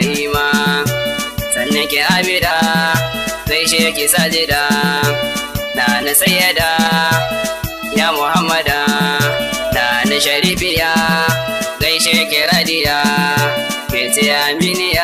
na'ima sannan ki amida she ki sajida na na sayyada ya muhammada na na sharifiya she ki radiya ki ce aminiya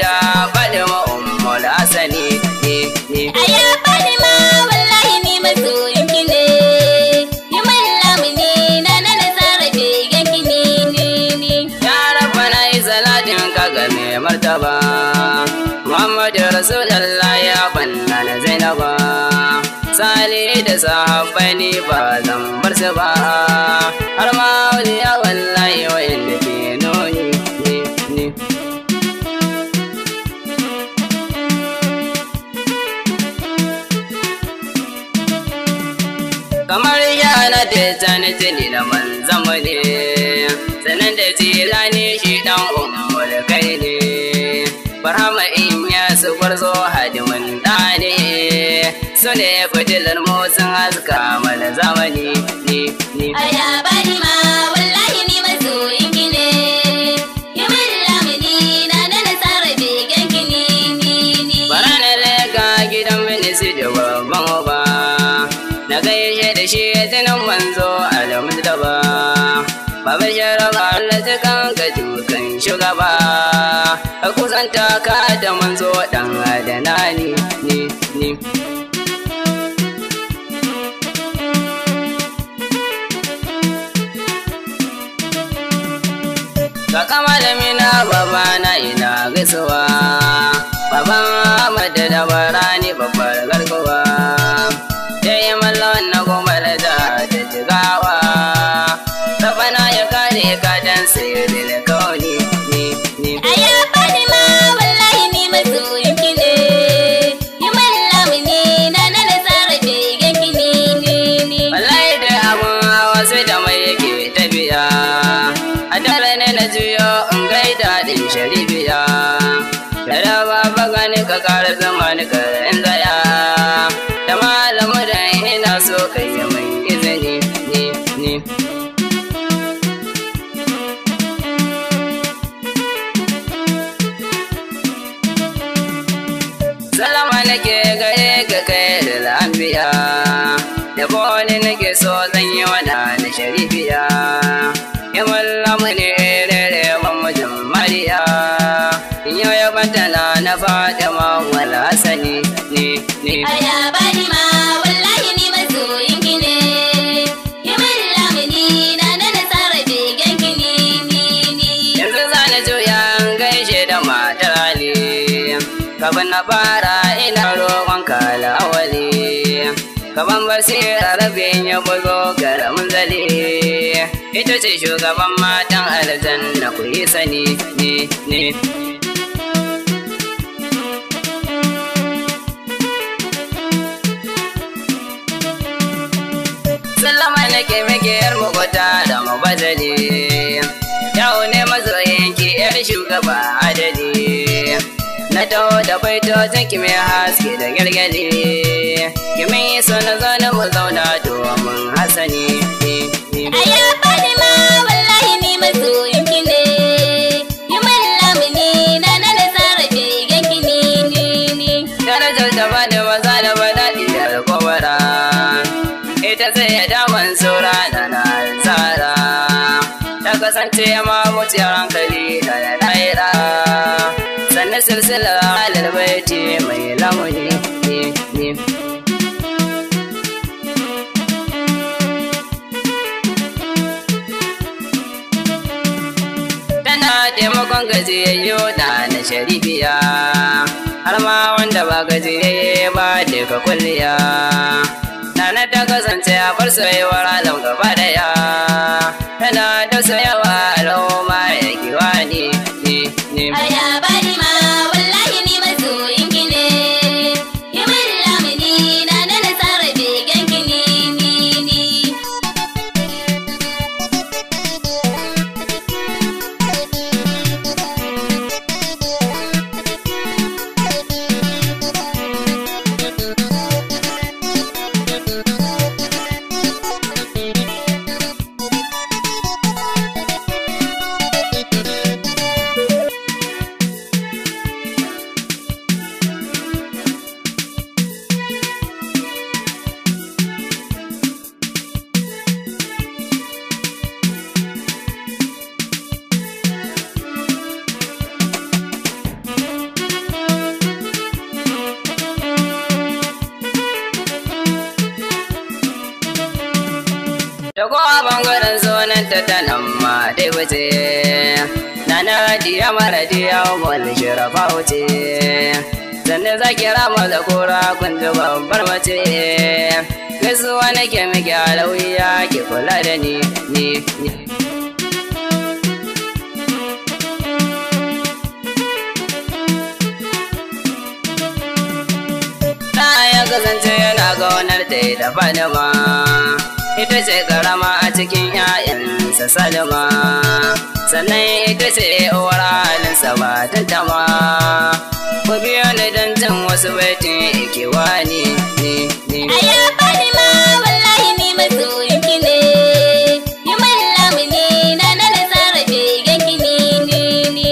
da balma ummul asani ne eh, ne eh, eh. aya balma wallahi ni masoyin ki ne ni mallam ne na na nasara begen ki ne ne ne ya rabbana izalatin ka ga me martaba muhammadu rasulullah ya banna na zainaba sale da sahabbai ne ba zan bar har ma wani ya wallahi wa'inda ke fita na tuni da manzanmu ne sanan da jilani shi dan umar kai ne barhama in ya su gwarzo hadimin ɗane su ne fitilar mu sun haska mana zamani ne ne da kanka dukan shugaba kusanta ka da manzo dan adana ni ni ni. Ka kama da mina na ina gaisuwa, baban madada da barani babba. ne gadon sirrin kauli ne ne ayo bani ma wallahi ni masoyin ki ne ni mallamu ne na na na tsara begen ki ne ne ne wallahi da abun sai da mai yake tafiya a dare ne na juyo in gaida din sharibiya da raba bagani ka kara zama ni ka ramu ne da mamajin mariya yau ya batana na fatima wal hasani ne ne ayabani ma wallahi ni masoyin ki ne yamin lamuni na na nasara begen ki ne ni ni yanzu zana ya gaishe da matar ali kafin na fara ina roƙon kalawali Gaban basira rabin ya bugo garamin zale. Ita ce shugaban matan aljanna ku yi sani ne ne. Sallama na kemikiyar mugunta da mubazali. Yau ne mazoyinki 'yar shugaba adali. na taho da baitocin ki mai haske da gyalgyali ki mai so na zo na mu zauna to mun hasani ayo fatima wallahi ni masoyin ki ne ki mun lamini na na da tsara ke ganki darajar da ba da maza da ba daɗi ita zai ya daman saura na na ta kasance ma mutu hankali. kali silsila ce mai lamuni Tana taimakon gajiyayyo da na sharifiya, har ma wanda ba gajiyayye ba daga kulliya. Nana ta kasance a bar soyayyar alam gaba daya, tana tausayawa al'umma ya kiwa ne, ne, ne. ta kowa bangaren zonan ta ta nan ma dai wuce na na diya mara diya wani ba wuce sannan za ki rama da kora kun ji babbar mace wani ke miki alawiya ki kula da ni ni ya kasance yana ga wani da ya dafa ita ce karama a cikin ‘ya'yansa salama sannan ita ce uwar halinsa ba ta tama ku biyo ni don jin wasu baitin ikewa ne ne ne wallahi ni masoyinki ne yi mallamu ne na na da zarafe ganki ne ne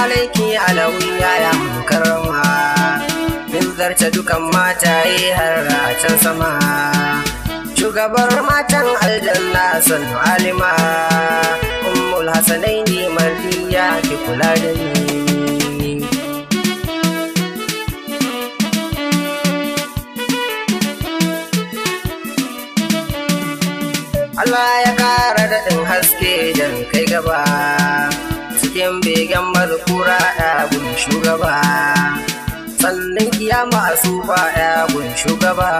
alaiki alawiya ya karama min zarce dukan mataye eh, har a sama shugabar matan aljanna sun alima ummul hasanai ne mardiya ki kula da ni Allah ya kara daɗin haske jan kai gaba cikin begen markura gun shugaba sannan kiyama a sufa gun shugaba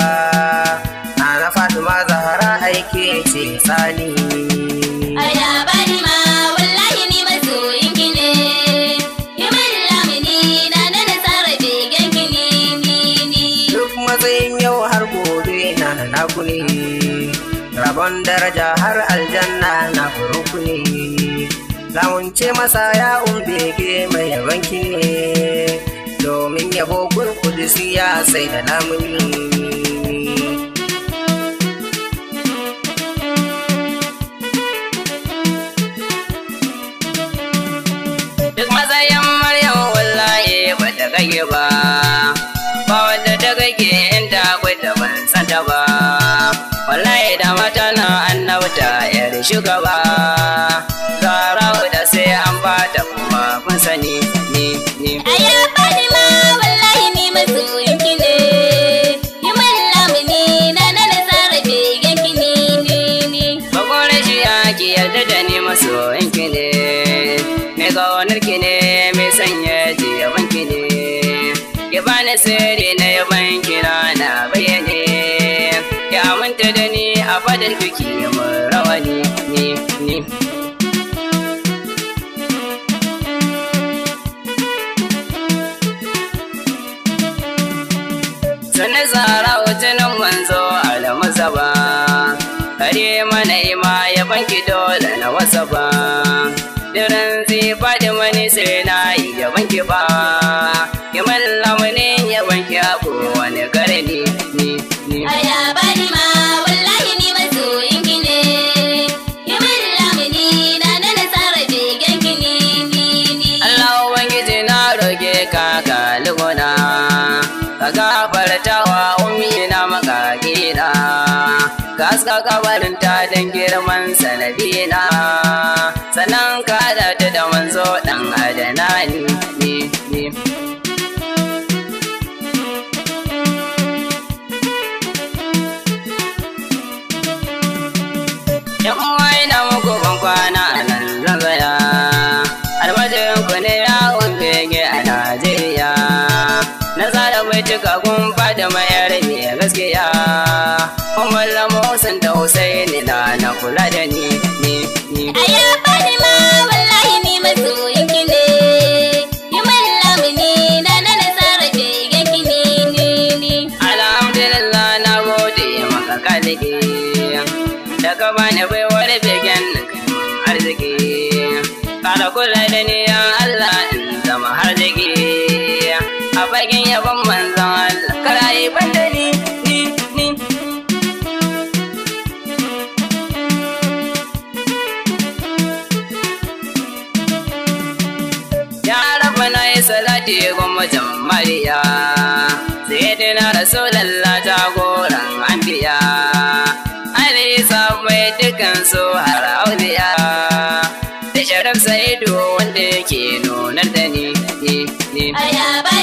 na Fatima Zahra aiki ce sani. Aida bani ma wallahi ni masoyin ne. Ki min na da tsara begen ki Duk matsayin yau har gobe na na ne. Rabon daraja har aljanna na ku ne. Lamunce masa ya bege mai yabanki ne. Domin yabo kun kudisi ya sai da lamuni. ta wallahi da mata na annabta yar shugaba zarau da sai an bata kuma kun sani manta da ni a fadar kiki mun rawa ne ne ne Sannan zara hotunan manzo masa ba, kare mana ima ya banki dole na wasa ba, zai faɗi mani sai na yi ya banki ba. gaska kabarin ta dan girman sanadina sannan ka da ta da manzo dan adana ni ni Yan uwa ina muku ban kwana a nan zagaya, almajirin ku ne yawon bege a Najeriya, na tsara mai cika kun fada mayar biya. gaskiya Malla Musan da Husaini na na kula da ni ni ni Aya Fatima wallahi ni masoyin ki ne Ni mallam ni na na na tsara begen ki ne ni ni Alhamdulillah na gode maka kalike Daga bani baiwar begen arziki Kada kula da ni ya Allah in zama har arziki A bakin yabon manzon Allah Karayi banda daɗi gwamnatin mariya sai dina rasulallah jagoran ambiya ali sabai dukan su har auliya da sharaf saido wanda yake nunar da ni ni ni